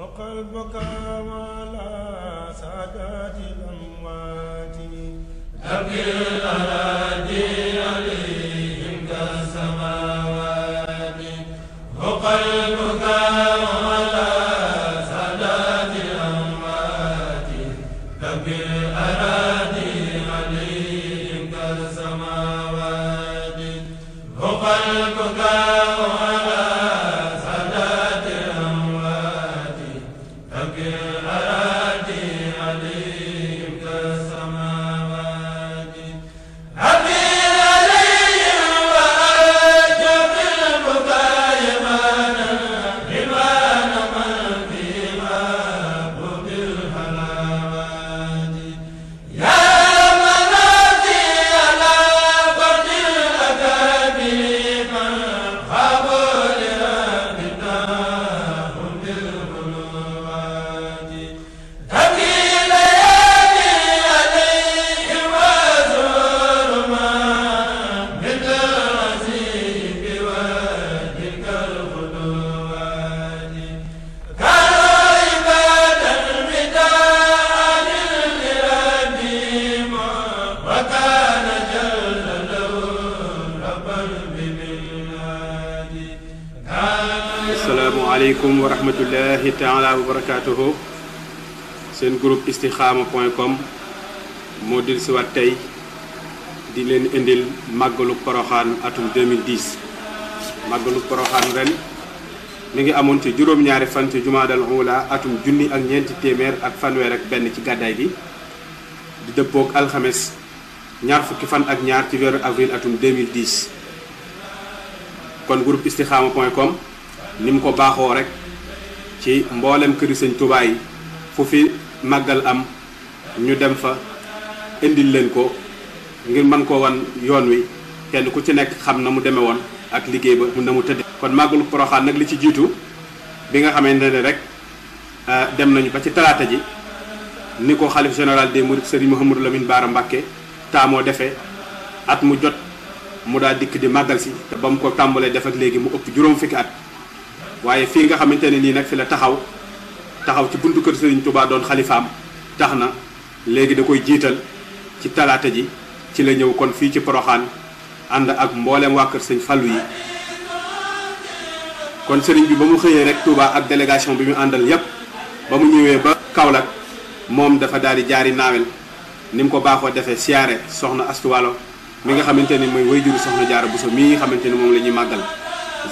وقلبك على سادات الأموات أبي الأراضي عليه rahmatullahi taala wa barakaatuhu seen groupe istikhama point com moo dil tey di leen indil màggalu poroxaan atum 2010 màggalu poroxaan ren mi ngi amoon ci juróom-ñaari fan ci jumaadal ula atum junni ak ñeenti ak fanweer benn ci gàddaay gi di dëppook alxames ñaar fukki fan ak ñaar ci weeru avril atum kon groupe istikhama point com ni mu ko baaxoo rek ci mbooleem këri sëñ Tuubaa yi fu fi màggal am ñu dem fa indil leen ko ngir mën koo wan yoon wi kenn ku ci nekk xam na mu demee woon ak liggéey ba na mu tëdd kon màggalu Poroxaan nag li ci jiitu bi nga xamante ne rek ah, dem nañu ba ci talaata ji ni ko xalif général des mourides Serigne Mouhamadou Lamine Bara Mbacké taamoo defee at mu jot mu daa dikk di màggal si te ba mu ko tàmbalee def ak léegi mu ëpp juróom fukki at waaye fii nga xamante ne nii nag fi la taxaw taxaw ci buntu kër Serigne Touba doon xalifaam tax na léegi da koy jiital ci talaate ji ci la ñëw kon fii ci Poroxaan ànd ak mboolem waa kër sëñ falu yi kon sëriñ bi ba mu xëyee rek Touba ak délégation bi mu àndal yépp ba mu ñëwee ba Kaolack moom dafa daal di jaari naawel ni mu ko baaxoo defee siyaare soxna astuwalo mi nga xamante ni mooy wayjuru jaar jaara Bousso mii nga xamante ni moom la ñuy màggal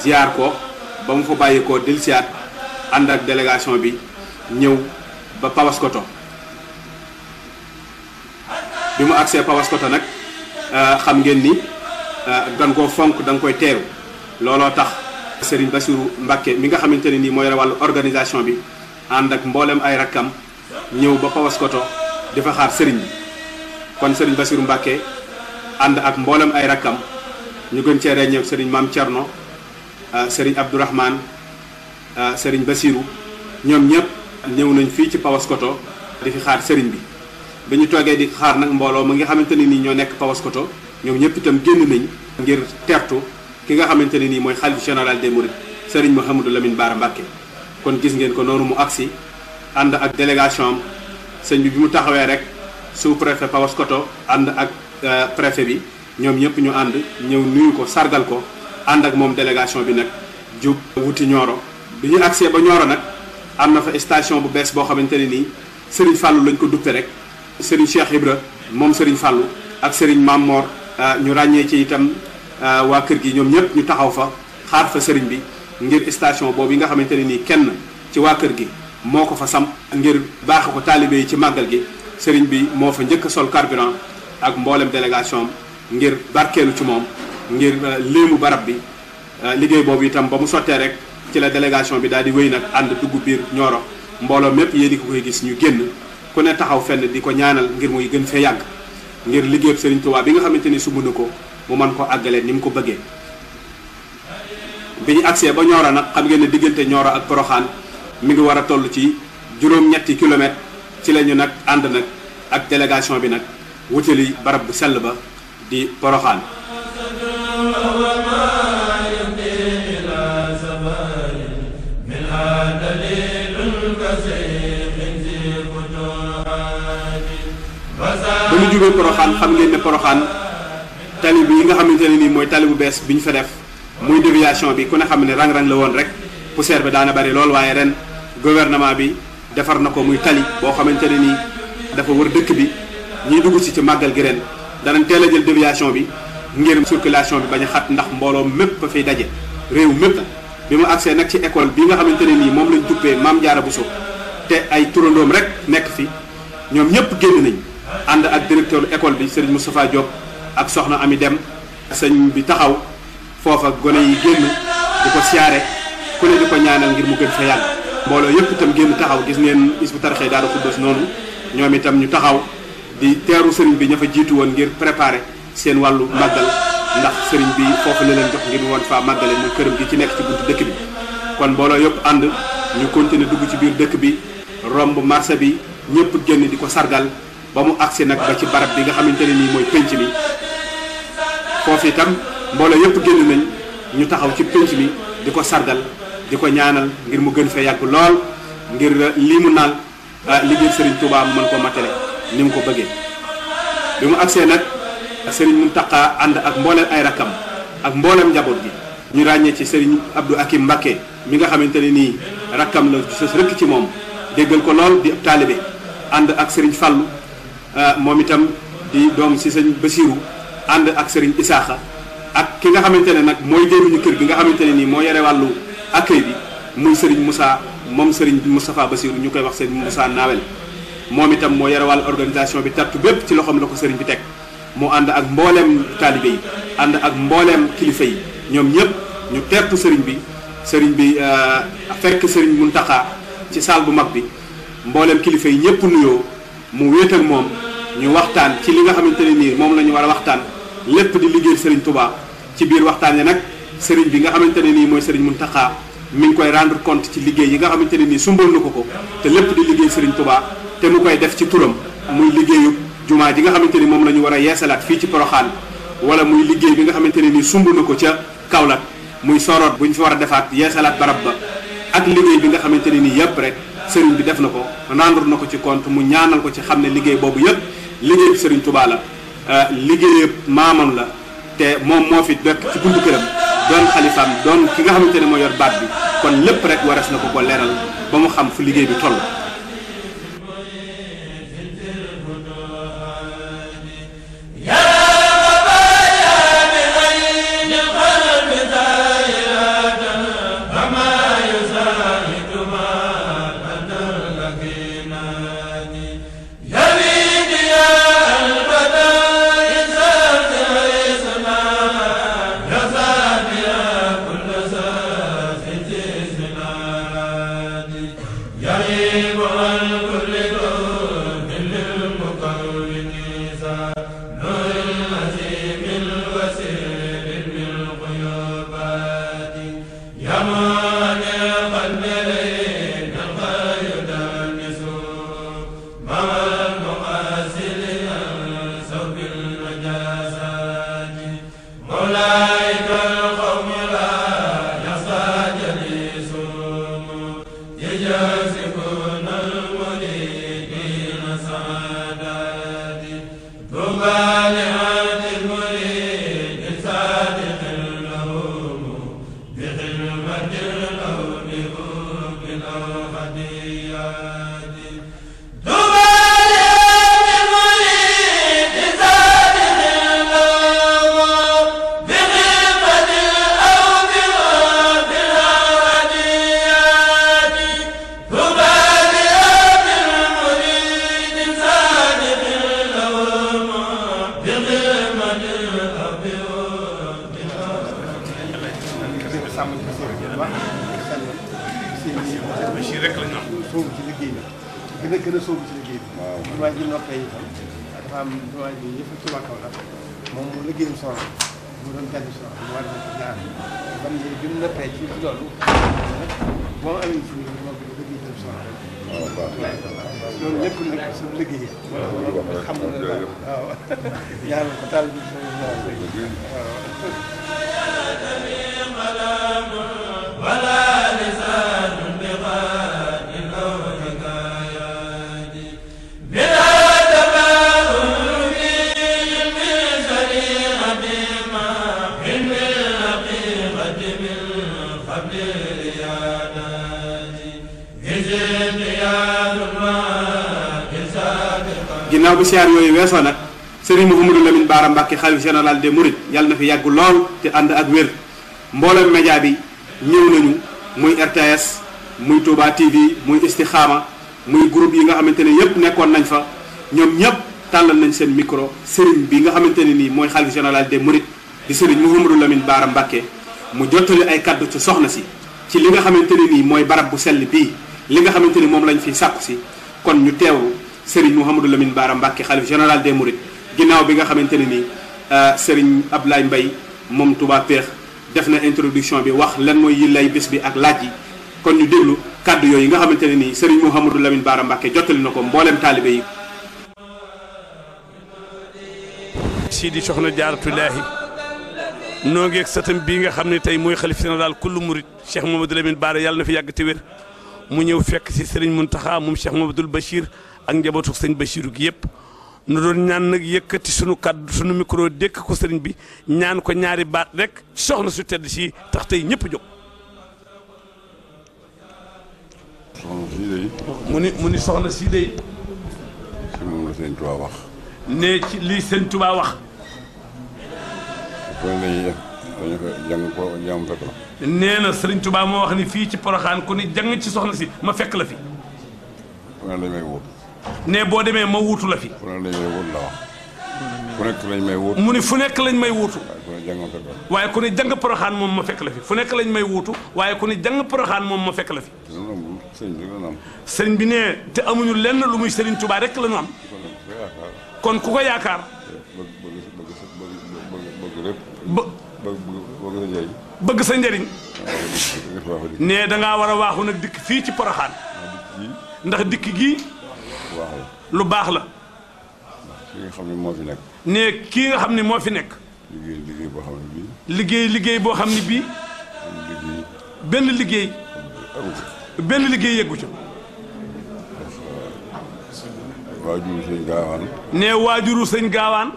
ziar ko ba mu fa bàyyeekoo dellusiwaat ànd ak délégation bi ñëw ba Pawaskoto bi mu agsee Pawaskoto nag euh, xam ngeen ni gan euh, koo fonk da koy teew looloo tax Serigne Bassirou Mbacké mi nga xamante ne nii mooy wàllu organisation bi ànd ak mbooleem ay rakkam ñëw ba Pawaskoto di fa xaar Serigne bi kon Serigne Bassirou Mbacké ànd ak mboolem ay rakkam ñu gën cee reññee Serigne Mame Thierno. Ah, sëriñ Abdourahmane ah, sëriñ Basirou ñoom ñëpp ñëw nañ fii ci coto di fi xaar sëriñ bi bi ñu toogee di xaar nag mbooloo mu nga xamante ne nii ñoo nekk Paoskoto ñoom ñëpp itam génn nañ ngir tertu ki nga xamante ne nii mooy xalif général des Mourides sëriñ Mouhamadou Lamine Bara Mbacké kon gis ngeen ko noonu mu agsi ànd ak délégation am sëñ bi bi mu taxawee rek sous préfet Paoskoto ànd ak euh, préfet bi ñoom ñëpp ñu ànd ñëw nuyu ko sargal ko ànd ak moom délégation bi nag jub wuti Nioro bi ñu agsee ba Nioro nag am na fa station bu bees boo xamante ne nii Serigne fàllu lañ ko duppe rek Serigne Cheikh Ibra moom Serigne fàllu ak Serigne Mamor euh, ñu ràññee ci itam euh, waa kër gi ñoom ñëpp ñu taxaw fa xaar fa Serigne bi ngir station boobu yi nga xamante ne nii kenn ci waa kër gi moo ko fa sam ngir baaxe ko taalibe yi ci màggal gi Serigne bi moo fa njëkk sol carburant ak mboolem délégation ngir ci moom ngir euh, léemu barab bi euh, liggéey boobu itam ba mu sottee rek ci la délégation bi daal di wéy nag ànd dugg biir ñooro mbooloo mépp yéen di ko koy gis ñu génn ku ne taxaw fenn di ko ñaanal ngir muy gën fee yàgg ngir liggéeyub Serigne Touba bi nga xamante ni sumb ko mu mën ko àggalee ni mu ko bëggee. bi ñu agsee ba Nioro nag xam ngeen ne diggante Nioro ak Porokhane mi ngi war a toll ci juróom-ñetti kilomètres ci la ñu nag ànd nag ak délégation bi nag wutali barab bu sell ba di Porokhane. ba ñu jógee poroxaan xam ngeen ne poroxaan tali bi yi nga xamante ne nii mooy tali bu bees bi ñu fa def muy déviation bi ku ne xam ne rang-rang la woon rek poussière bi daana bari lool waaye ren gouvernement bi defar na ko muy tali boo xamante ne nii dafa wër dëkk bi ñuy dugg si ci màggal gi ren danañ teel a jël déviation bi ngir circulation bi bañ a xat ndax mbooloo mépp fay daje réew mépp bi mu agsee nag ci école bi nga xamante ne nii moom lañ duppee Maam jaar Jaara Bousso te ay turandoom rek nekk fi ñoom ñëpp génn nañ ànd ak directeur école bi sëriñ Moustapha Diop ak soxna Ami Dem sëñ bi taxaw foofa gone yi génn di ko siyaare ku ne di ko ñaanal ngir mu gën fa yàlla mbooloo yëpp itam génn taxaw gis ngeen Hizbut Tarqiyyah Daaru Xudoos noonu ñoom itam ñu taxaw di teeru sëriñ bi ña fa jiitu woon ngir préparer seen wàllu màggal ndax sëriñ bi foofu la leen jox ngir woon faa màggale muy këram gi ci nekk ci buntu dëkk bi kon mbooloo yëpp ànd ñu continuer dugg ci biir dëkk bi romb marché bi ñëpp génn di ko sargal ba mu agsi nag ba ci barab bi nga xamante ne nii mooy pénc mi foofu itam mbooloo yëpp génn nañ ñu taxaw ci pénc mi di ko sargal di ko ñaanal ngir mu gën fee yàgg lool ngir li mu naal ah, liggéey sëriñ Touba mu mën koo matale ni mu ko bëggee bi mu agsee nag ak sëriñ Muntaqa ànd ak mboolem ay rakam ak mbooleem njaboot gi ñu ràññee ci sëriñ Abdou Akim Mbakke mi nga xamante ne nii rakkam la sës rëkk ci moom déggal ko lool di ab taalibe ànd ak sëriñ Fallou euh, moom itam di doom si sëñ Basiiru ànd ak sëriñ Isaaxa ak ki nga xamante ne nag mooy jëruñu kër gi nga xamante ne nii moo yore wàllu accueil bi muy sëriñ Moussa moom sëriñ Moustapha Basiiru ñu koy wax sëriñ Moussa Nawel moom itam moo yare wàllu organisation bi tartu bépp ci loxoom la ko sëriñ bi teg mu ànd ak mbooleem taalibe yi ànd ak mbooleem kilifa yi ñoom ñëpp ñu tertu sëriñ bi sëriñ bi euh, fekk sëriñ Muntaxa ci saal bu mag bi mbooleem kilifa yi ñëpp nuyoo mu wéet moom ñu waxtaan ci li nga xamante ne nii moom la ñu war a waxtaan lépp di liggéey sëriñ Touba ci biir waxtaan ya nag sëriñ bi nga xamante ne nii mooy sëriñ Muntaxa mi ngi koy rendre compte ci liggéey yi nga xamante ne nii sumboon na ko ko te lépp di liggéey sëriñ Touba te mu koy def ci turam muy liggéeyu jumaa ji nga xamante ni moom la ñu war a yeesalaat fii ci Poroxaan wala muy liggéey bi nga xamante ne ni sumb na ko ca Kaolack muy soroot bu ñu fi war a defaat yeesalaat barab ba ak liggéey bi nga xamante ne nii yëpp rek sëriñ bi def na ko rendre na ko ci kont mu ñaanal ko ci xam ne liggéey boobu yëpp liggéeyub sëriñ Touba la euh, liggéeyub maamam la te moom moo fi dekk ci buntu këram doon xalifaam doon ki nga xamante ne moo yor baat bi kon lépp rek waras na ko ko leeral ba mu xam fu liggéey bi toll jërëjëf moom mu liggéeyam soxla mu doon gàddu soxla mu war na ko ñaar ban léegi bi mu noppee ci loolu boo ma amee fi mu moom bi ko jiital soxla. waaw waaw loolu lépp nag sa liggéey. waaw xam nga waaw ñaar ko taal bi soxla waaw. ginnaaw bi siyaar yooyu weesoo nag sëriñ Mouhamadou Lamine Bara Mbacké xalif général des Mourides yàlla na fi yàgg lool te ànd ak wér mboolem média bi ñëw nañu muy RTS muy Touba TV muy Istikhama muy groupe yi nga xamante ne yëpp nekkoon nañ fa ñoom ñëpp tàllal nañ seen micro sëriñ bi nga xamante ne nii mooy xalif général de Mourides di sëriñ Mouhamadou Lamine Bara Mbacké mu jottali ay kàddu ci soxna si ci li nga xamante ne nii mooy barab bu sell bii li nga xamante ni moom lañ fiy sàkku si kon ñu teewlu Serigne Mouhamadou Lamine Bara Mbacké xalif général de Mourides ginnaaw bi nga xamante ne nii euh, Serigne Ablaye mbay moom tubaab Peex def na introduction bi wax lan mooy yillay bés bi ak laaj yi kon ñu déglu kàddu yooyu nga xamante ne nii Serigne Mouhamadou Lamine Bara Mbacké jottali na ko mboolem taalibe yi. Sidi soxna Jaaratulaahi noo ngeeg satam bii nga xam ne tey mooy xalif général kullu murit Cheikh Mamadou Lamine Bara yàlla na fi yàgg te mu ñëw fekk si Serigne Mountakha moom Cheikh Mamadou Bachir ak njabootu sëñ Bachirou gi yëpp nu doon ñaan nag yëkkati sunu kàddu sunu micro dékk ko sëriñ bi ñaan ko ñaari baat rek soxna su tedd si tax tey ñépp jóg. soxna sii mu ni mu ni soxna sii day. ci moom la sëñ Touba wax. ne ci lii sëñ Touba wax. nee na sëriñ Touba moo wax ni fii ci Porokhane ku ni jàng ci soxna si ma fekk la fi. ne boo demee ma wuutu la fi. fu nekk mu ni fu nekk lañ may wuutu. waaye ku ne jàng poroxaan moom ma fekk la fi fu nekk lañ may wuutu waaye ku ne jàng poroxaan moom ma fekk la fi. sëriñ bi ne te amuñu lenn lu muy sëriñ Tuubaa rek la am. kon ku ko yaakaar. bëgg sa njariñ ne da ngaa war a waaxu nag dikk fii ci poroxaan. ndax dikk gi lu baax la. kii nga xam ne moo fi nekk. ne kii nga xam ne moo fi nekk. liggéey liggéey boo xam ne bii. liggéey benn liggéey. benn liggéey ca. waajuru sëñ gaawaan. ne waajuru sëñ gaawaan.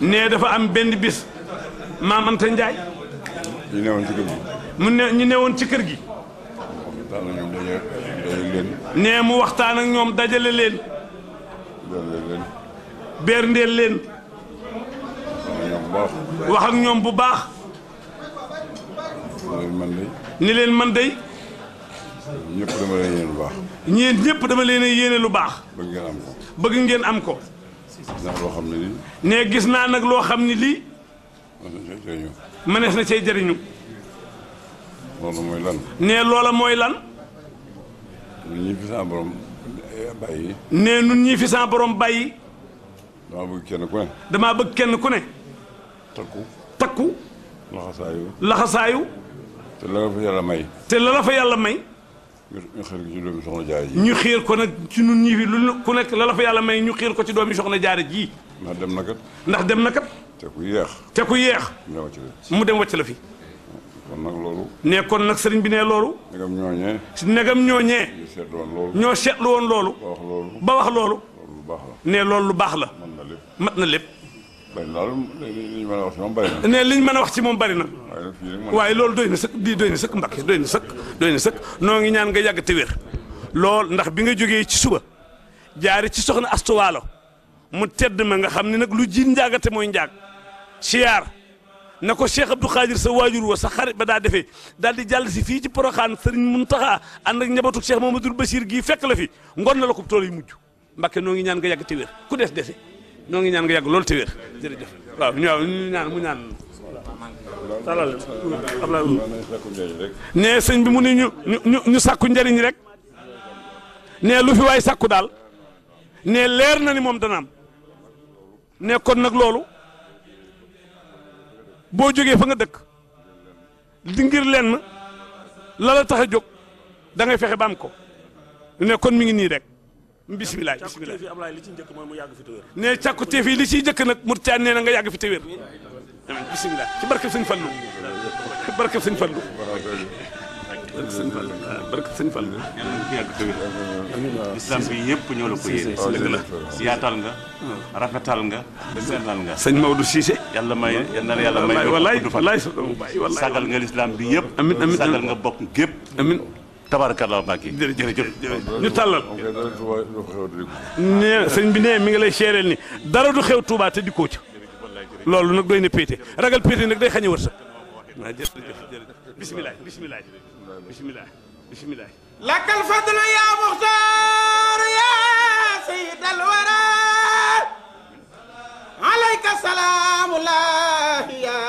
ne dafa am benn bis. maam Anta Ndiaye. ñu newoon ci kër gi. mu ne ñu newoon ci kër gi. waxtaan ak ñoom dajale leen. nee mu waxtaan ak ñoom dajale leen. berndeel leen. berndeel leen. wax ak ñoom bu baax. ni leen man day ñëpp dama leen yéene lu baax. ñeen ñëpp dama leen yéene lu baax. bëgg ngeen am ko. bëgg loo xam ne lii. nee gis naa nag loo xam ne lii. manees na cee jëriñu. loolu mooy lan. nee loola mooy lan. ñun eh, ñii fi sama borom bàyyi. nee ñun ñii fi sama borom bàyyi. damaa bëgg kenn ku ne. damaa bëgg kenn ku ne. takku takku. laxasaayu. laxasaayu. te la la fa yàlla may. te la la fa yàlla may. ñu xiir ko ci doomi soxna jaare ji. ñu xiir ko nag ci ñun ñii fi lu ku nekk la la yàlla may ñu xiir ko ci doomi soxna jaare ji. ndax dem na ndax dem na kat. te ku yéex. te ku yéex. mu dem wàcc la fi. kon nag ne kon nag sëriñ bi ne loolu. ñoo seetlu woon ñoo seetlu woon loolu. ba wax loolu. lu baax la. ne la. lépp mat li mën a wax ci moom bari na. ne li ñu mën a wax ci moom noo ngi ñaan nga yàgg te lool ndax bi nga jógee ci suba jaari ci soxna astuwaalo mu tedd ma nga xam ne nag lu jiin njaagate mooy njaag siyaar ne ko Cheikh Abdou Khadir sa waajur wa sa xarit ba daa defee daal di jàll si fii ci Porokhane Serigne Mountakha ànd ak njabootu Cheikh Mamadou Bachir gii fekk la fi ngoon na la ko tool yi mujj Mbàkke noo ngi ñaan nga yàgg te wér ku des dese noo ngi ñaan nga yàgg loolu te wér jërëjëf waaw ñu ñaan mu ñaan. talal Ablaye nee sëñ bi mu ne ñu ñu ñu sàkku njëriñ rek ne lu fi waay sàkku daal ne leer na ni moom dana am nee kon nag loolu. boo jógee fa nga dëkk di lenn la la tax a jóg da ngay fexe ba am ko ne kon mi ngi nii rek bisimilah bisimilah ne càkkutéef yi li ciy njëkk nag Mourtiane nee na nga yàgg fi te wér bisimilah ci barkeb sëñ Fallou barkeb sëñ Fallou barke sëñ Fall ah, barke sëñ bi yëpp ñoo la ko yéene dëgg yaatal nga hmm. rafetal nga sellal nga sëñ Maodo Cissé yàlla may na la yàlla may walaay walaay sagal nga lislam bi yëpp amiin amiin sagal nga bokk gépp amiin tabaarakallah Mbacke jërëjëf ñu tàllal nee sëñ bi nee mi ngi lay seereel ni dara du xew Touba te dikkoo ca loolu nag doy na péete ragal péete nag day xañ a wërsëg waaw bisimilah bisimilah bisimilah bisimilah lakkal fadlu ya muxtaar ya sayyid al wara alayka salaamu laahi ya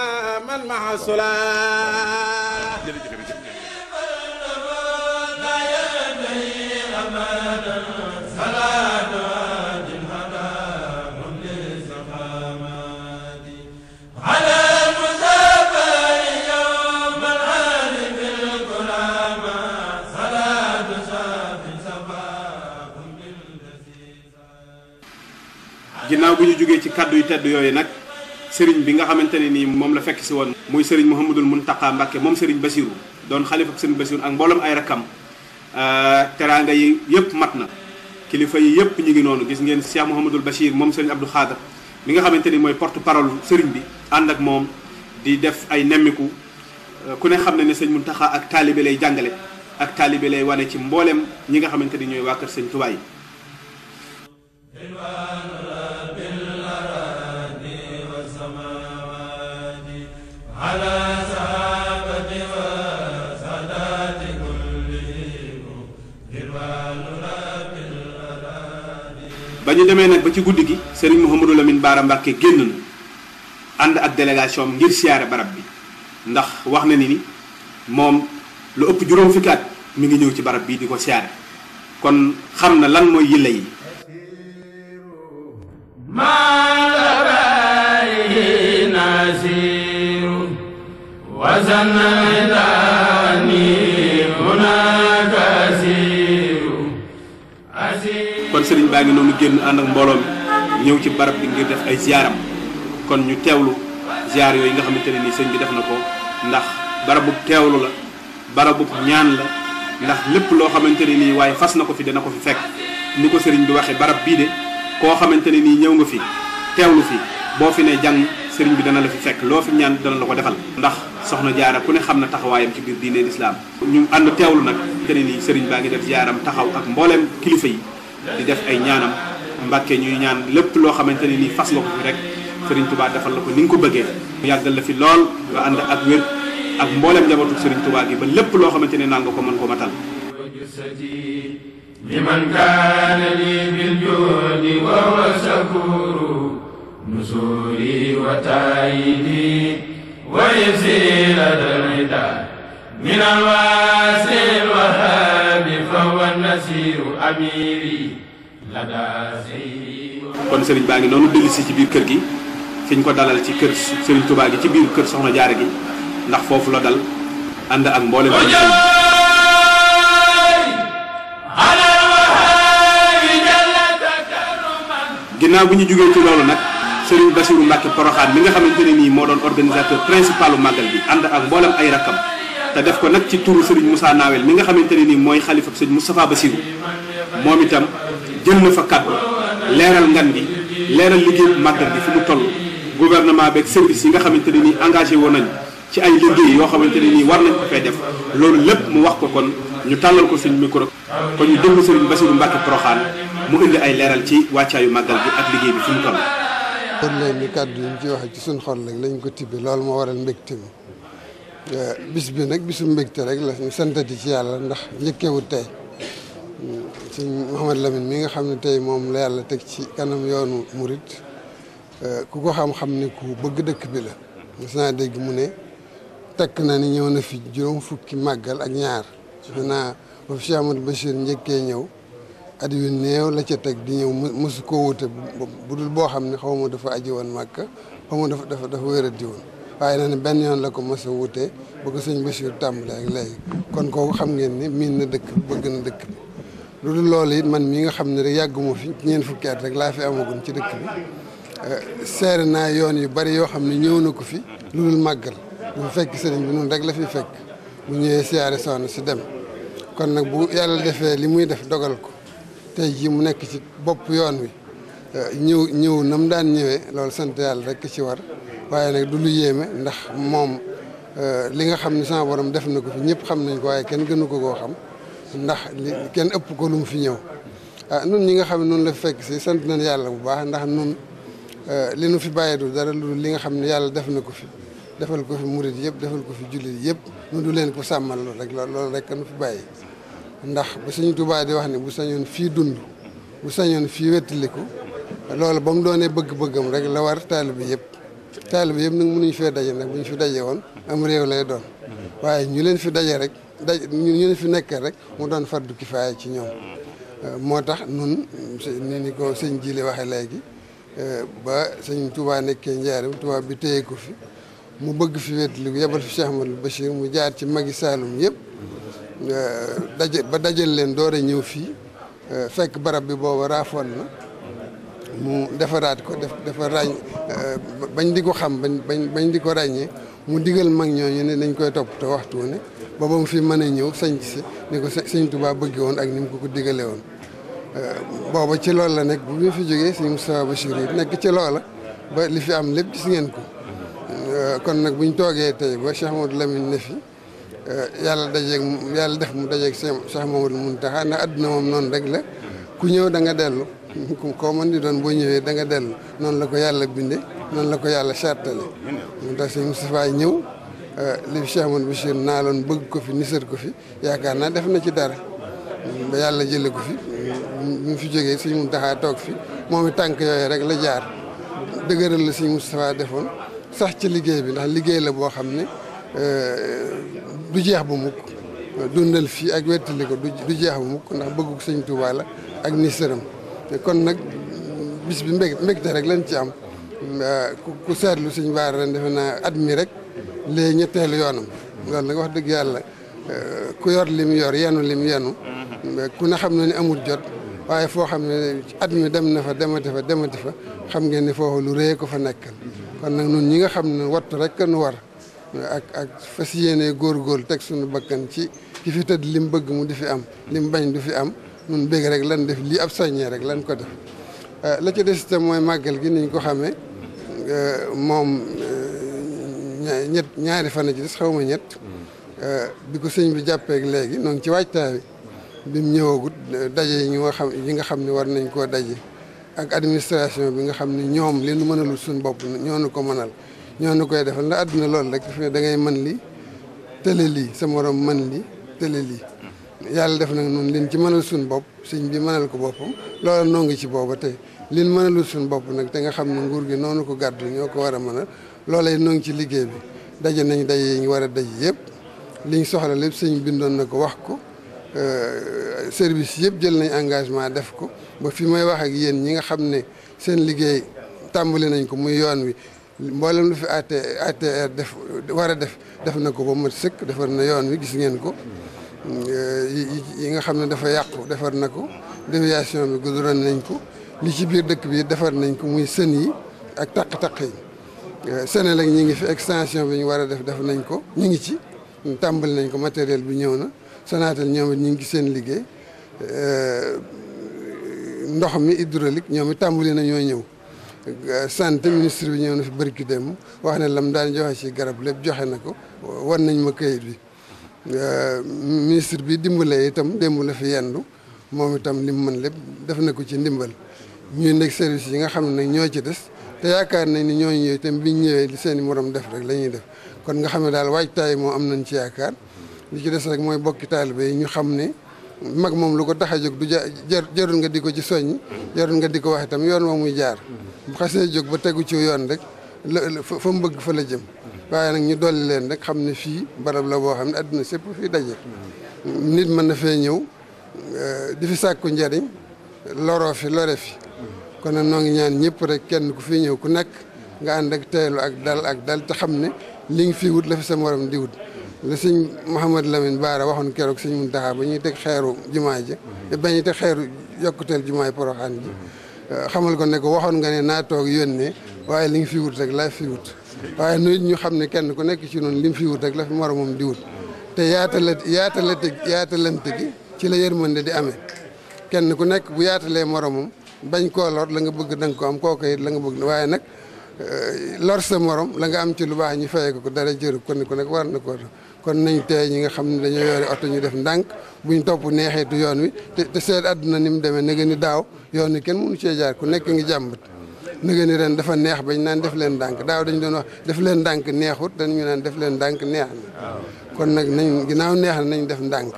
man maa sulaa ginnaaw bi ñu jógee ci kàddu yu tedd yooyu nag sëriñ bi nga xamante ne nii moom la fekk si woon muy sëriñ Mouhamadul Mountakha Mbacké moom sëriñ Bassirou doon xalifa ak sëriñ Bassirou ak mboolem ay rakkam euh, teraanga yi yëpp mat na kilifa yi yëpp ñu ngi noonu gis ngeen Cheikh Mouhamadul Bachir moom sëriñ Abdou Khadre mi nga xamante ni mooy porte parole sëriñ bi ànd ak moom di def ay nemmiku euh, ku ne xam ne ne sëñ Mountakha ak taalibe lay jàngale ak taalibe lay wane ci mbooleem ñi nga xamante ni ñooy waa kër sëñ ba ñu demee nag ba ci guddi gi sëriñ Mouhamadou Lamine Bara Mbacké génn na ànd ak délégation ngir siyaare barab bi ndax wax na ni moom lu ëpp juróom fukki at mi ngi ñëw ci barab bii di ko siyaare kon xam na lan mooy yilla yi. kon sëriñ baa ngi noonu génn ànd ak mbooloo mi ñëw ci barab bi ngir def ay ziaram kon ñu teewlu ziar yooyu nga xamante ne nii sëñ bi def na ko ndax barabu teewlu la barabu ñaan la ndax lépp loo xamante ne nii waaye fas na ko fi dana ko fi fekk ni ko sëriñ bi waxee barab bii de koo xamante ne nii ñëw nga fi teewlu fi boo fi ne jàng sëriñ bi dana la fi fekk loo fi ñaan dana la ko defal ndax soxna jaara ku ne xam na taxawaayam ci biir diine lislaam ñu ànd teewlu nag te ne nii sëriñ baa ngi def jaaram taxaw ak mbooleem kilifa yi di def ay ñaanam mbàkke ñuy ñaan lépp loo xamante ne nii fas nga ko fi rek sëriñ tubaa defal la ko ni nga ko bëggee mu yàggal la fi lool nga ànd ak wér ak mbooleem njabootu sëriñ tubaa yi ba lépp loo xamante ne naan nga ko mën ko matal liman kaana li bil joodi wa wa wa taayidi ويزيل الرداء من الواسع الوهاب فهو النسير أميري لدى سيري kon sëriñ baa ngi noonu dellu ci biir kër gi fi ñu ko dalal ci kër sëriñ Touba gi ci biir kër Soxna Jaara gi ndax foofu la dal ànd ak mboolem ginnaaw bi ñu jógee ci loolu nag Serigne Bassirou Mbacke Porokhane mi nga xamante ne nii moo doon organisateur principalu màggal bi ànd ak mboolem ay rakkam te def ko nag ci turu Serigne Moussa Nawel mi nga xamante ne nii mooy xalifa Serigne Moustapha Bassirou moom itam jël na fa kàddu leeral ngan gi leeral liggéeyu màggal bi fi mu toll gouvernement beeg service si nga xamante ne nii engagé woon nañu ci ay liggéey yoo xamante ne nii war nañ ko fee def loolu lépp mu wax ko kon ñu tàllal ko suñ micro kon ñu déglu Serigne Bassirou Mbacke Porokhane mu indi ay leeral ci wàccaayu màggal bi ak liggéey bi fi mu toll kon léegi kàddu yi ñu ci waxee ci suñ xol rek lañ ko tibbe loolu moo waral mbégte mi bis bi nag bisu mbégte rek la ñu santati ci yàlla ndax njëkkeewut tey sëñ Mouhamad Lamine mi nga xam ne tey moom la yàlla teg ci kanam yoonu murit e, ku ko xam-xam ni ku bëgg dëkk bi la mos naa dégg mu ne takk na ni ñëw na fi juróom fukki màggal ak ñaar defe naa ba fi Cheikh Amadou Bachir njëkkee ñëw at yu néew la ca teg di ñëw mu mosu koo wute bu dul boo xam ne xaw ma dafa aji woon màkk xaw dafa dafa dafa wéradi woon waaye na benn yoon la ko mos a wute ba ko sëñ Bachir tàmbalee ak léegi kon kooku xam ngeen ni miin na dëkk bi bëgg na dëkk bi lu dul loolu it man mii nga xam ne rek yàgguma fi ñeen fukki at rek laa fi amagum ci dëkk bi eh, seere naa yoon yu bari yoo xam ne ñëw na ko fi lu dul màggal dafa fekk sëriñ bi noonu rek la fi fekk bu ñëwee siyaare soxna si kon nag bu yàlla defee li muy def dogal ko tey jii mu nekk ci bopp yoon wi eh, ñëw ñëw na mu daan ñëwee loolu sant yàlla rek ci war waaye nag du lu yéeme ndax moom eh, li nga xam ni sama borom def na ko fi ñëpp xam nañ ko waaye kenn gënu ko koo xam ndax li kenn ëpp ko lu mu fi ñëw ah nun ñi nga xam ne noonu la fekk si sant nañ yàlla bu baax ndax nun li nu fi bàyyi du dara lu li nga xam ne yàlla def na ko fi defal ko fi murit yëpp defal ko fi jullit yëpp nu du leen ko sàmmal loolu rek loolu rek nu fi bàyyi ndax ba suñu Tuubaa di wax ne bu sañoon fii dund bu sañoon fii wettaliku loolu ba mu doonee bëgg-bëggam rek la war taalibe yëpp taalibe yëpp nag mënuñu fee daje nag bu ñu fi daje woon am réew lay doon waaye ñu leen fi daje rek daj ñu leen fi nekkee rek mu doon fardu kifaaya ci ñoom euh, moo tax nun ni ni ko sëñ Jili waxee léegi euh, ba sëñ Touba nekkee njaaram Touba bi téye ko fi mu bëgg fi wétli yebal fi Cheikh Amadou Bachir mu jaar ci magi Saalum yëpp Euh, daje ba dajal leen door a ñëw fii euh, fekk barab bi booba raafoon na mu defaraat ko def dafa ràññ euh, bañ di ko xam bañ bañ di ko ràññee mu digal mag ñoo ñu ne dañ koy toppatoo waxtu ne ba ba mu fi mën a ñëw sañ si ni ko sëñ Tuubaa bëgge woon ak ni mu ko ko digale woon booba ci loolu la nekk bu ñu fi jógee sëñ Moustapha Bachir yi nekk ci loola ba li fi am lépp si ngeen ko kon nag buñ toogee tey ba Cheikh Amadou Lamine ne fi yàlla dajeeg yàlla def mu dajeeg Cheikh mun Mountakha na àdduna moom noonu rek la ku ñëw da nga dellu ko mën di doon boo ñëwee da nga dellu noonu la ko yàlla binde noonu la ko yàlla chartale mu tax si Moustapha ñëw euh, li fi Cheikh Mamadou Bachir naaloon bëgg ko fi nisar ko fi yaakaar naa def na ci dara ba yàlla jële ko fi mu fi jógee sëñ toog fi moom i tànk yooyu rek la jaar dëgëral la sëñ Moustapha defoon sax ci liggéey bi ndax liggéey la boo xam ne Euh, du jeex bu mukk dundal fii ak wettali ko du jeex bu mukk ndax bëggu sëñ Tuubaa la ak ni sëram kon nag bis bi mbég mbégte rek lañ ci am euh, ku seetlu sëñ baar ren defe naa at mi rek léegi ñetteelu yoonam loolu nag wax dëgg yàlla euh, ku yor lim yor yenu lim yenu ku ne xam na ne amul jot waaye foo xam ne at mi dem na fa demati fa demati fa xam ngeen ne foofu lu rëy ko fa nekkal kon nag nun ñi nga xam ne wattu rek nu war ak ak fas yéene góor teg suñu bakkan ci ci fi tëdd lim bëgg mu di fi am lim bañ du fi am nun bëgg rek lan def lii ab soññee rek lan ko def euh, la ca des itam mooy màggal gi niñ ko xamee euh, moom euh, ñett ñaari fan ci des xaw ma ñett bi ko sëñ bi jàppeek léegi noonu ci waajtaay bi mu ñëwagut daje yi nga xam yi nga xam ne war nañ koo daje ak administration bi nga xam ne ñoom li nu mënalul suñu bopp ñoo nu ko mënal ñoo nu koy defal ndax àdduna loolu rek fi ne da ngay mën li tële lii sa morom mën li tële lii yàlla def nag noonu lin ci mënal suñ bopp sëñ bi mënal ko boppam loolu noo ngi ci booba tey liñ mënalul suñ bopp nag te nga xam ne nguur gi noonu ko gàddu ñoo ko war a mënal loolay noo ngi ci liggéey bi daje nañu daje yi ñu war a daje yëpp liñ soxla lépp sëñ bindoon na ko wax ko euh, service yëpp jël nañ engagement def ko ba fi may wax ak yéen ñi nga xam ne seen liggéey tàmbali nañ ko muy yoon wi mboolem lu fi AT ATR def war a def def na ko ba mat sëkk defar na yoon wi gis ngeen ko mm, euh, yi nga xam ne dafa yàqu defar na ko déviation bi goudron nañ ko li ci biir dëkk bii defar nañ ko muy sën yi ak taq-taq yi euh, Senelec ñi ngi fi extension bi ñu war a def def nañ ko ñu ngi ci tàmbali nañ ko matériel bi ñëw na Sonatel ñoom it ñu ngi seen liggéey euh, ndox mi hydraulique ñoom it tàmbali na ñoo ñëw santé ministre bi ñëw na fi bërki dem wax na lam daan joxe ci garab lépp joxe na ko war nañ ma kayit bi euh, ministre bi dimbalee itam démb la fi yendu moom itam li mu mën lépp def na ko ci ndimbal ñuy nekk service yi nga xam ne nag ñoo ci des te yaakaar nañ ni ñooñu ñëw itam biñ ñëwee li seen i morom def rek la ñuy def kon nga xam ne daal waajtaay moom am nañ ci yaakaar li ci des rek mooy bokki taalibe yi ñu xam ne mag moom lu ko tax a jóg du jarul nga di ko ci soññ jarul nga di ko wax itam yoon moom muy jaar bu xasee jóg ba tegu ci yoon rek fa mu bëgg fa la jëm waaye nag ñu dolli leen rek xam ne fii barab la boo xam ne àdduna sépp fii daje nit mën na fee ñëw euh, di fi sàkku njariñ loroo fi lore fi kon nag noo ngi ñaan ñëpp rek kenn ku fii ñëw ku nekk nga ànd ak teelu ak dal ak dal te xam ne li ngi fi wut la fi sa morom di wut li sëñ Mouhamad Lamine Baara waxoon keroog sëñ Muntaxa ba ñuy teg xeeru jumaa ji mhm. ba ñuy teg xeeru yokkuteel jumaay Poroxaan ji mhm. xamal ko ne ko waxoon nga ne naa toog yónnee mhm. waaye li nga fi wut rek laa fi wut waaye nit ñu xam ne kenn ku nekk ci noonu li fi wut rek la fi moromam di wut te yaata la yaatala yaatalate yaatalante gi ci la yërmande di amee kenn ku nekk bu yaatalee moromam bañ koo lor la nga bëgg da ko am kooku it la nga bëgg waaye nag Euh, lor sa morom la nga am ci lu baax ñu fayee ko dara jëru kon nag war na ko kon nañ tey ñi nga xam ne dañoo yore oto ñu def ndànk bu buñ topp neexeetu yoon wi te te àdduna ni mu demee na nga ni daaw yoon wi kenn mënu cee jaar ku nekk ngi jàmbat na nga ni ren dafa neex bañ naan def leen ndànk daaw dañ doon wax def leen ndànk neexut dañ ñu naan def leen ndànk neex na kon nag nañ ginnaaw neex na nañ def ndànk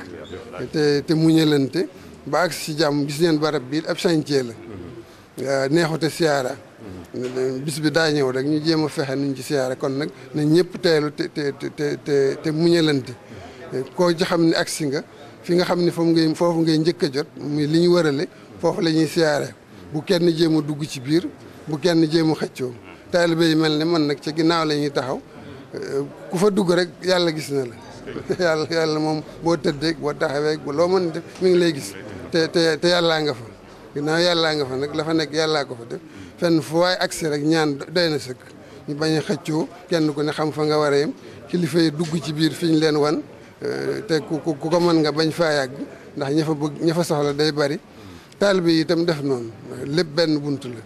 te te muñalante ba agsi si jàmm gis ngeen barab bii ab chantier la neexute siyaara bis bi daa ñëw rek ñu jéem a fexe nuñ ci siyaare kon nag na ñëpp teelu te te te te te muñalante koo ci xam ne agsi nga fi nga xam ni foofu ngay foofu ngay njëkk a jot muy li ñu warale foofu la ñuy siyaare bu kenn jéem a dugg ci biir bu kenn jéemu a xëccoo taalibe yi mel ne man nag ca ginnaaw la ñuy taxaw ku fa dugg rek yàlla gis na la yàlla yàlla moom boo tëddee boo taxawee loo mën def mu ngi lay gis te te te yàllaa nga fa ginnaaw yàllaa nga fa nag la fa nekk yàllaa ko fa def fenn fu waaye agsi rek ñaan doy na sëkk ñu bañ xëccoo kenn ku ne xam fa nga war a yem kilifa yi dugg ci biir fiñ leen wan euh, te ku ku ko mën nga bañ faa yàgg ndax ña fa bëgg ña soxla day bari taalibe yi itam def noonu lépp benn bunt la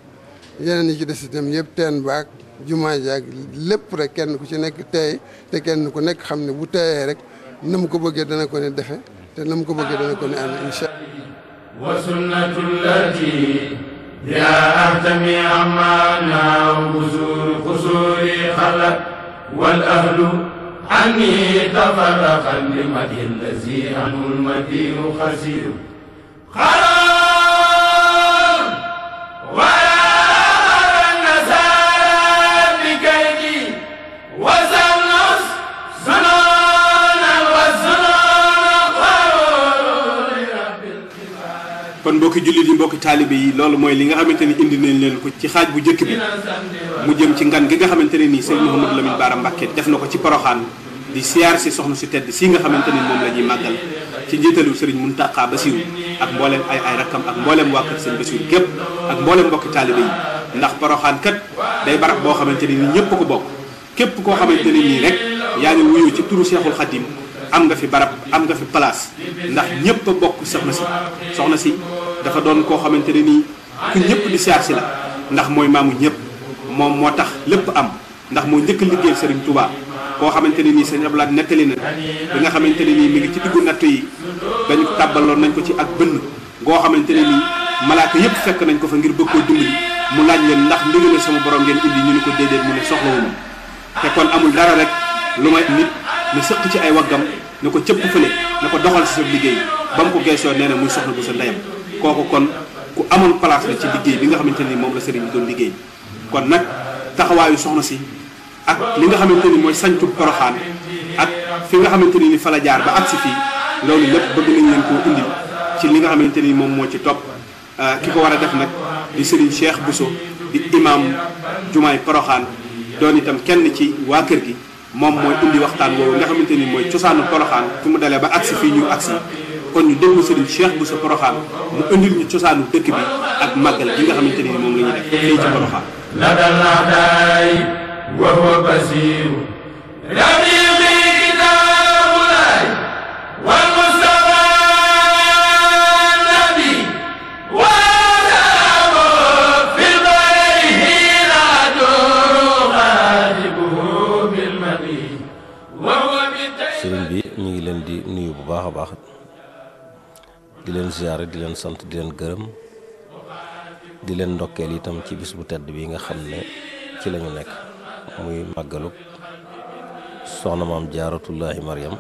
yeneen yi ci des itam yëpp teen baak jumaa jaag lépp rek kenn ku ci nekk teey te kenn ku nekk xam ne bu teeyee rek na mu ko bëggee dana ko ne defe te na mu ko bëggee dana ko ne amee incha allah يا أهتم عمانا وزور قصوري خلت والأهل عني تفرقا لمدح الذي عنه المدين خسير خلاص mbokki jullit yi mbokki taalibe yi loolu mooy li nga xamante ni indi nañ leen ko ci xaaj bu njëkk bi mu jëm ci ngan gi nga xamante ne nii sëñ la Lamine Bara Mbacké def na ko ci Poroxaan di siyaar si soxna si tedd si nga xamante ne moom la ñuy màggal ci njiitalu sëriñ ba Bassirou ak mboolem ay ay rakkam ak mboolem waa kër sëñ Bassirou képp ak mboolem mbokki taalibe yi ndax Poroxaan day barab boo xamante ni ñëpp ko bokk képp koo xamante ne nii rek yaa ngi wuyu ci turu Seexul Xadim am nga fi barab am fi place ndax ñëpp bokk soxna si soxna si dafa doon koo xamante ne nii ku ñëpp di siyaar si la ndax mooy maamu ñëpp moom moo tax lépp am ndax moo njëkk a liggéeyal Serigne Touba koo xamante ne nii Serigne Abdou Lahad nettali na bi nga xamante ne nii mi ngi ci diggu natt yi dañ ko tàbbaloon nañ ko ci ak bënn goo xamante ne nii malaaka yëpp fekk nañ ko fa ngir bëgg koo dimbali mu laaj leen ndax ndigal sama borom ngeen indi ñu ne ko déedéet mu ne soxlawuma te kon amul dara rek lu may nit na sëq ci ay waggam ne ko cëpp fële ko doxal si sa liggéey ba mu ko geesoo nee na muy soxna bu sa ndeyam kooku kon ku amoon place la ci liggéey bi nga xamante ni moom la sëriñ bi doon liggéey kon nag taxawaayu soxna si ak li nga xamante ni mooy sañcu poroxaan ak fi nga xamante ni fa la jaar ba agsi fii loolu lépp bëgg nañ leen koo indil ci li nga xamante ni moom moo ci topp euh, ki ko war a def nag di sëriñ Cheikh Bousso di imam jumaay poroxaan doon itam kenn ci waa kër gi moom mooy indi waxtaan woowu nga xamante ni mooy cosaanu poroxaan fi mu dalee ba agsi fii ñu agsi kon ñu déglu Serigne Cheikh Bousso Porokhane mu indil ñu cosaanu dëkk bi ak màggal gi nga xamante ni moom la ñuy def fii ci Porokhane nadal naxdaay wa huwa basiru sëriñ bi ñu ngi leen di nuyu bu baax a baax di leen ziare di leen sant di leen gërëm di leen ndokkeel itam ci bis bu tedd bi nga xam ne ci lañu nekk muy màggalug soxna maam jaaratullahi Mariam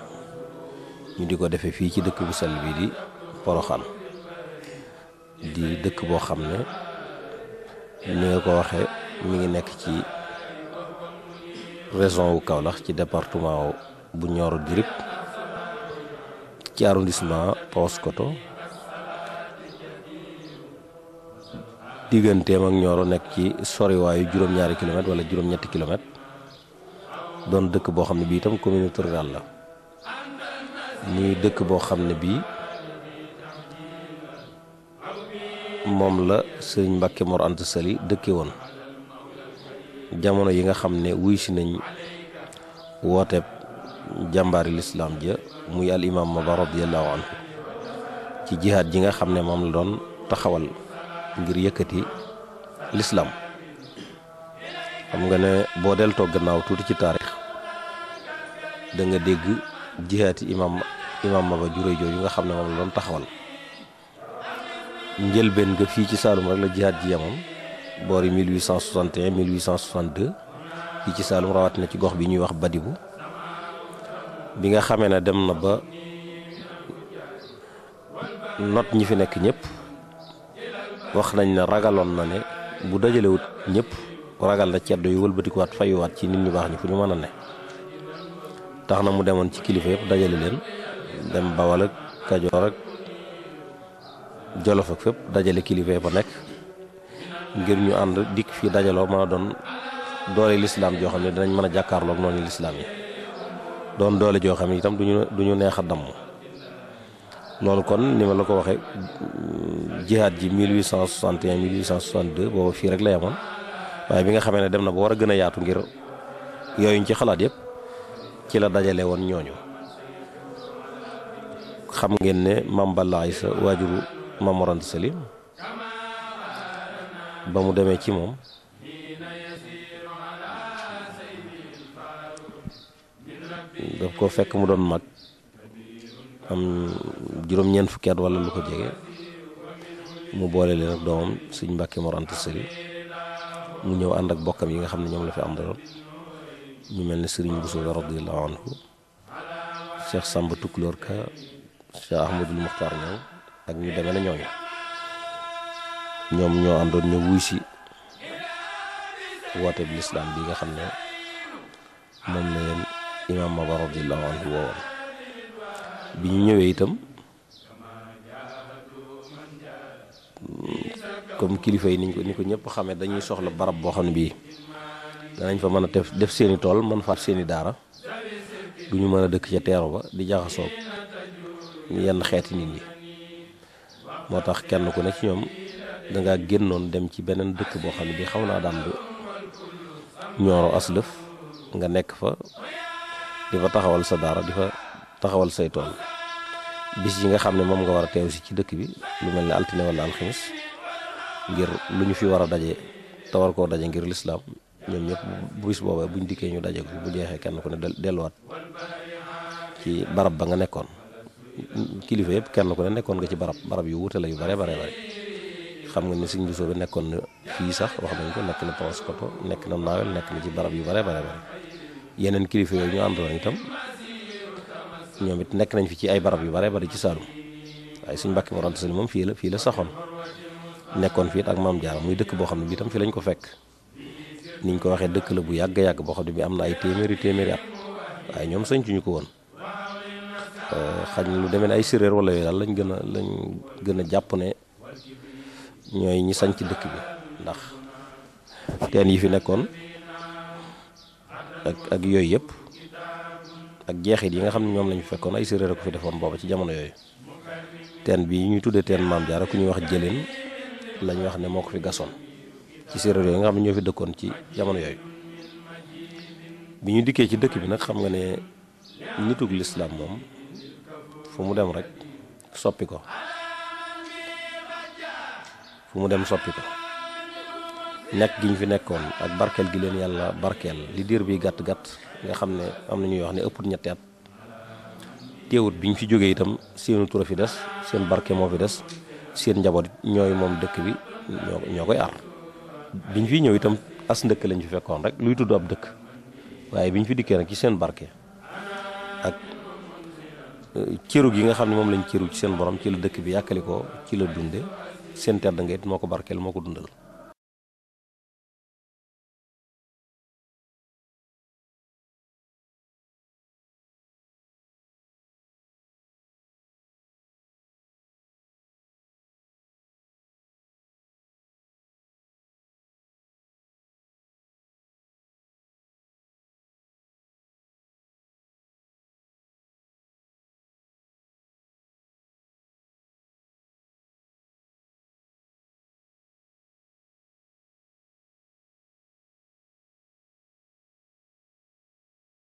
ñu di ko defee fii ci dëkk bu sell bi di Poroxaan di dëkk boo xam ne ni nga ko waxe mi ngi nekk ci région wu Kaolack ci département bu Nioro du Rip ci arrondissement Paoskoto digganteem ak Nioro nekk ci soriwaayu juróom wala juróom doon dëkk boo xam ne bii itam communauté rurale la muy dëkk boo xam ne bii moom la sëriñ Mbàkke Mor Anta Sali dëkke woon jamono yi nga xam ne wuy si nañ wooteeb jàmbaari lislaam ja muy al imaam Maba radiyallaahu anhu ci jihaad ji nga xam ne moom la doon taxawal ngir yëkkati lislaam xam nga ne boo deltoo gannaaw tuuti ci taarix da nga dégg jihaati imaam imaam Maba Jure jooju nga xam ne moom la doon taxawal njëlbeen nga fii ci Saalum rek la jihaat ji yemam boori 1861 1862 fii ci Saalum rawat na ci gox bi ñuy wax Badibu bi nga xamee na dem na ba not ñi fi nekk ñëpp wax nañ ne ragaloon na ne bu dajalewut ñëpp ragal na ceddo yu wëlbatikuwaat fayuwaat ci nit ñu baax ñi fu ñu mën a ne tax na mu demoon ci kilifa yëpp dajale leen dem Bawal ak Kajoor ak Jolof ak fépp dajale kilifa yëpp a nekk ngir ñu ànd dikk fii dajaloo mën a doon doole lislaam joo xam ne dinañ mën a jàkkaarloog noonu lislaam yi doon doole joo xam ne itam duñu duñu neex a damm loolu kon ni ma la ko waxee jihaad ji 1861 1862 booba fii rek la yemoon waaye bi nga xamee ne dem na ba war a gën a yaatu ngir yooyuñ ci xalaat yëpp ci la dajale woon ñooñu xam ngeen ne mam Balla Aysa waajuru Maam Mor Anta Sali ba mu demee ci moom daf ko fekk mu doon mag am juróom-ñeent fukki at wala lu ko jege mu boole leen ak doomam sëñ Mbàkke Mor Anta mu ñëw ànd ak bokkam yi nga xam ne ñoom la fi àndaloon ñu mel ni sëriñ Bousso radiyallahu anhu Cheikh Samba Tukulóor Ka Cheikh Ahmadul Muxtaar ñoom ak ñu demee na ñooñu ñoom ñoo àndoon ñu wuy si woote bi lislaam bi nga xam ne moom la leen imaam Maba radiyallahu anhu woowoon bi ñu ñëwee itam comme kilifa yi niñ ko ni ko ñëpp xamee dañuy soxla barab boo xam ne bii danañ fa mën a def def seeni tool mën fa seeni daara du ñu mën a dëkk ca teeru ba di jaxasoo yenn xeeti nit ñi moo tax kenn ku ne ci ñoom danga génnoon dem ci beneen dëkk boo xam ne bii xaw naa daan du ñooro aslëf nga nekk fa di fa taxawal sa daara di fa taxawal say tool bis yi nga xam ne moom nga war a teew si ci dëkk bi lu mel ne altine wala alxamis ngir lu ñu fi war a daje te koo daje ngir lislaam ñoom ñëpp bu bis boobaa buñ dikkee ñu daje ko bu jeexee kenn ku ne delluwaat ci barab ba nga nekkoon kilifa yëpp kenn ku ne nekkoon nga ci barab barab yu wuute yu bare bare bare xam nga ni si Bousso bi nekkoon na fii sax wax nañ ko nekk na Paoskoto nekk na Nawel nekk na ci barab yu bare bare yeneen kilifa yooyu ñu àndoon itam ñoom it nekk nañ fi ci ay barab yu bare bari ci Saalum waaye suñ mbàkki Mor Anta Sali moom fii la fii la saxoon nekkoon fii it ak maam Jaara muy dëkk boo xam ne bi fi lañ ko fekk niñ ko waxee dëkk la bu yàgg yàgg boo bi am na ay téeméeri téeméeri at waaye ñoom sañcuñu ko woon euh, xaj lu demee ne ay séréer wala yooyu daal lañ gën a lañ gën a jàpp ne ñooy ñi sañc dëkk bi ndax teen yi fi nekkoon ak ak yooyu yëpp ak jeexit yi nga xam ne ñoom lañu fekkoon ay séeréer a ko fi defoon booba ci jamono yooyu teen bi ñuy tuddee teen maam jaara ku ñuy wax jëleen lañu wax ne moo ko fi gasoon ci séeréer yooyu nga xam ne ñoo fi dëkkoon ci jamono yooyu bi ñu dikkee ci dëkk bi nag xam nga ne nitug lislaam moom fu mu dem rek soppi ko fu mu dem soppi ko nekk gi ñu fi nekkoon ak barkeel gi leen yàlla barkeel li diir bi gàtt gàtt nga xam ne am na ñuy wax ne ëpput ñetti at teewut bi ñu fi jógee itam seenu tura fi des seen barke moo fi des seen njaboot ñooy moom dëkk bi ñoo koy ar bi fiy ñëw itam as ndëkk lañ fi fekkoon rek luy tudd dëkk waaye bi fi dikkee nag ci seen barke ak euh, cëru gi nga xam ne moom lañ cëru ci seen borom ci la dëkk bi yàkkali ko ci la dunde seen tedd nga it moo ko barkeel moo ko dundal